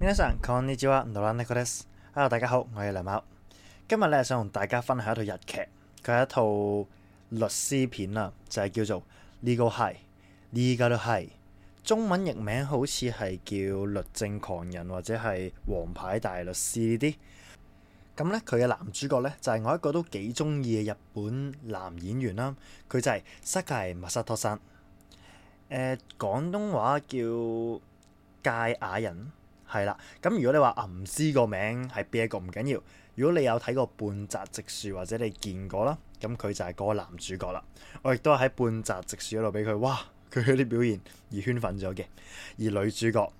皆さん、こんにちは、ノラネコです，Hello, 大家好，我係梁貓。今日咧，想同大家分享一套日劇，佢係一套律師片啊，就係、是、叫做呢個係呢個都係。中文譯名好似係叫律政狂人或者係王牌大律師呢啲。咁咧，佢嘅男主角咧就係、是、我一個都幾中意嘅日本男演員啦。佢就係堺雅人さん，誒、呃，廣東話叫堺雅人。係啦，咁如果你話唔知個名係邊一個唔緊要，如果你有睇過半澤直樹或者你見過啦，咁佢就係嗰個男主角啦。我亦都喺半澤直樹嗰度俾佢，哇，佢嗰啲表現而圈粉咗嘅。而女主角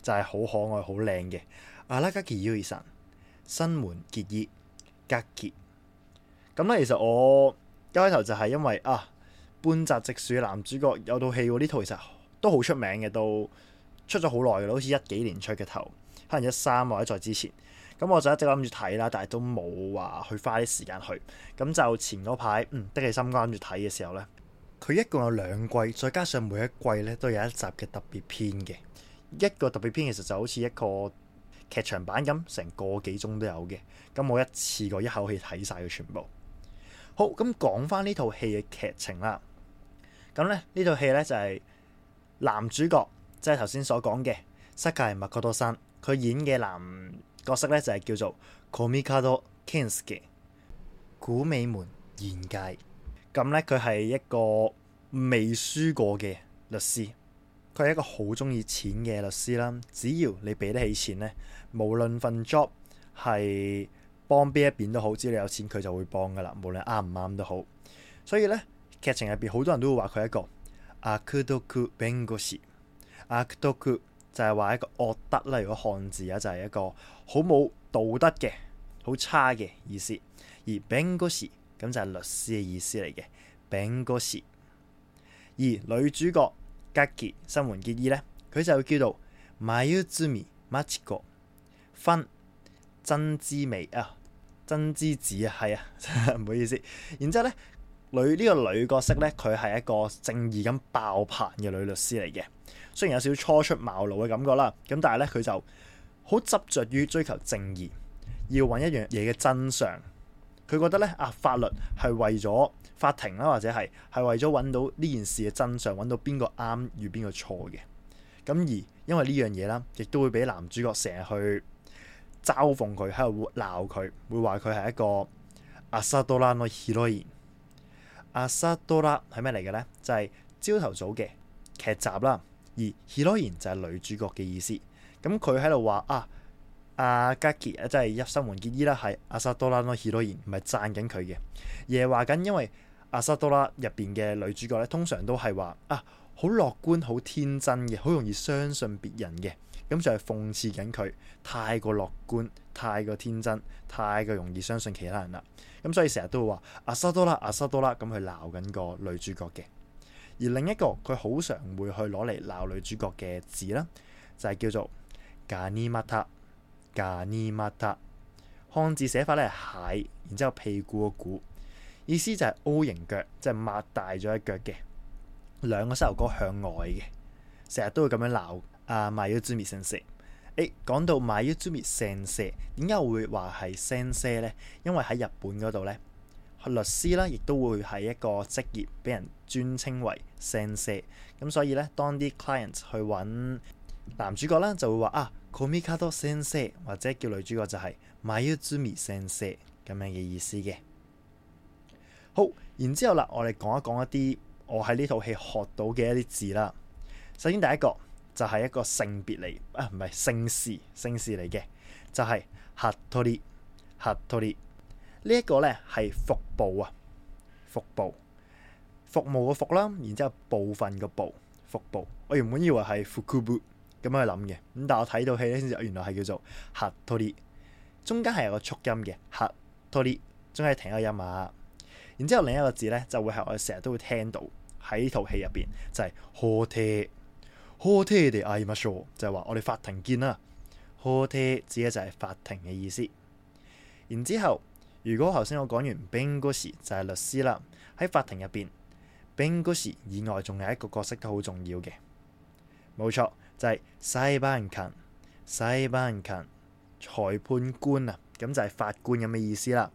就係好可愛、好靚嘅，アラガキユイさん，新垣結衣，ガッキ。咁咧，其實我一開頭就係因為啊，半澤直樹男主角有套戲喎，呢套其實都好出名嘅都。出咗好耐嘅，好似一幾年出嘅頭，可能一三或者再之前咁，我就一直諗住睇啦，但係都冇話去花啲時間去咁，就前嗰排，嗯，的起心肝諗住睇嘅時候呢，佢一共有兩季，再加上每一季呢，都有一集嘅特別篇嘅一個特別篇，其實就好似一個劇場版咁，成個幾鐘都有嘅。咁我一次過一口氣睇晒佢全部。好，咁講翻呢套戲嘅劇情啦。咁咧呢套戲呢，就係男主角。即係頭先所講嘅，堺雅人さん。佢演嘅男角色咧就係、是、叫做 Komikado Kensuke 嘅古美門研介咁咧。佢係一個未輸過嘅律師，佢係一個好中意錢嘅律師啦。只要你俾得起錢咧，無論份 job 係幫邊一邊都好，只要你有錢，佢就會幫噶啦。無論啱唔啱都好。所以咧，劇情入邊好多人都會話佢係一個 Akutoku Bengoshi 啊，到佢就係、是、話一個惡德啦。如果漢字啊，就係、是、一個好冇道德嘅好差嘅意思。而丙」e n g 咁就係、是、律師嘅意思嚟嘅。丙」e n 而女主角吉杰新懷結衣呢，佢就叫做「Myuji Mochigo 分真知味，啊，真知子啊，係啊，唔好意思。然之後呢，女呢、這個女角色呢，佢係一個正義咁爆棚嘅女律師嚟嘅。雖然有少少初出茅廬嘅感覺啦，咁但係咧，佢就好執着於追求正義，要揾一樣嘢嘅真相。佢覺得呢，啊，法律係為咗法庭啦，或者係係為咗揾到呢件事嘅真相，揾到邊個啱與邊個錯嘅。咁而因為呢樣嘢啦，亦都會俾男主角成日去嘲諷佢喺度鬧佢，會話佢係一個阿沙多拉諾 heroine，阿沙多拉係咩嚟嘅呢？就係朝頭早嘅劇集啦。而ヒロイン就係女主角嘅意思，咁佢喺度話啊，ガッキ，啊，啊即係新垣結衣啦，係阿薩多拉のヒロイン，唔係讚緊佢嘅，而係話緊，因為阿薩多拉入邊嘅女主角咧，通常都係話啊，好樂觀、好天真嘅，好容易相信別人嘅，咁就係諷刺緊佢太過樂觀、太過天真、太過容易相信其他人啦，咁所以成日都會話阿薩多拉、阿薩多拉，咁佢鬧緊個女主角嘅。而另一個佢好常會去攞嚟鬧女主角嘅字啦，就係叫做ガニマタ，ガニマタ。漢字寫法咧係蟹，然之後屁股個股，意思就係 O 型腳，即係擘大咗一腳嘅。兩個膝頭哥向外嘅，成日都會咁樣鬧啊マユズミ先生講到マユズミ先生點解會話係先生呢？因為喺日本嗰度呢。律師啦，亦都會係一個職業，俾人尊稱為先生。n 咁所以咧，當啲 clients 去揾男主角啦，就會話啊，Komikado 先生或者叫女主角就係 Mayuzumi 先生。」n 咁樣嘅意思嘅。好，然之後啦，我哋講一講一啲我喺呢套戲學到嘅一啲字啦。首先第一個就係、是、一個性別嚟啊，唔係姓氏，姓氏嚟嘅，就係、是、Hattori，Hattori。呢一個咧係服部啊，服部，服務嘅服啦，然之後部分嘅部，服部。我原本以為係福酷部咁樣去諗嘅，咁但係我睇套戲咧先知，原來係叫做核托啲，中間係有個促音嘅核托啲，中間停一音啊。然之後另一個字咧就會係我哋成日都會聽到喺套戲入邊，就係何天，何天的哀摩少，就係、是、話我哋法庭見啦。何天指嘅就係法庭嘅意思，然之後。如果頭先我講完弁護士，就係律師啦，喺法庭入邊，弁護士以外仲有一個角色都好重要嘅，冇錯就係裁判官，裁判官裁判官啊，咁就係法官咁嘅意思啦。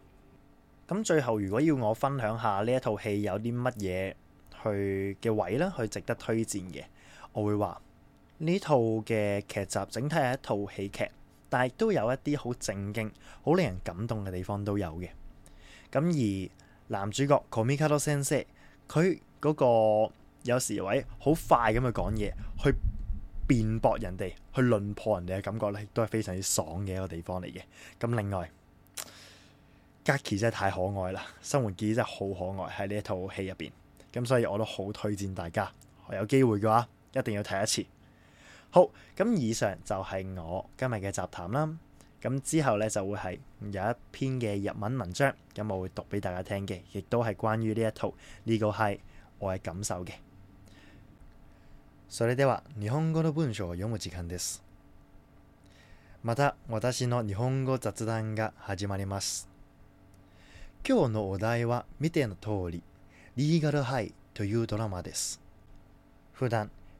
咁最後，如果要我分享下呢一套戲有啲乜嘢去嘅位啦，去值得推薦嘅，我會話呢套嘅劇集整體係一套喜劇。但係都有一啲好正經、好令人感動嘅地方都有嘅。咁而男主角，Komikado Sensei，佢嗰個有時會好快咁去講嘢，去辯駁人哋，去論破人哋嘅感覺咧，都係非常之爽嘅一個地方嚟嘅。咁另外，Gakky 真係太可愛啦，生活記憶真係好可愛喺呢一套戲入邊。咁所以我都好推薦大家，我有機會嘅話一定要睇一次。好，咁以上就係我今日嘅雜談啦。咁之後咧就會係有一篇嘅日文文章，咁我會讀俾大家聽嘅，亦都係關於呢一套呢個係我嘅感受嘅。それでは日本語の文章を読む時間です。また私の日本語雑談が始まります。今日のお題は見ての通り、リーガルハイというドラマです。普段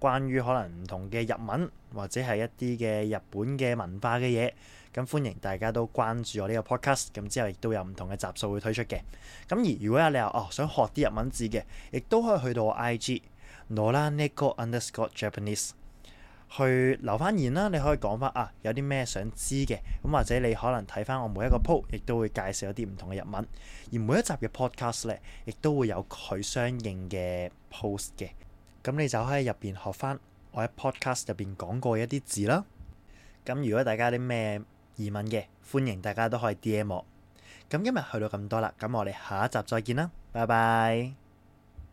關於可能唔同嘅日文或者係一啲嘅日本嘅文化嘅嘢，咁歡迎大家都關注我呢個 podcast，咁之後亦都有唔同嘅集數會推出嘅。咁而如果有你話哦想學啲日文字嘅，亦都可以去到我 IG noraneko underscore Japanese 去留翻言啦。你可以講翻啊有啲咩想知嘅，咁或者你可能睇翻我每一個 po 亦都會介紹一啲唔同嘅日文。而每一集嘅 podcast 咧，亦都會有佢相應嘅 post 嘅。咁你就喺入邊學翻我喺 podcast 入邊講過一啲字啦。咁如果大家有啲咩疑問嘅，歡迎大家都可以 DM 我。咁今日去到咁多啦，咁我哋下一集再見啦，拜拜。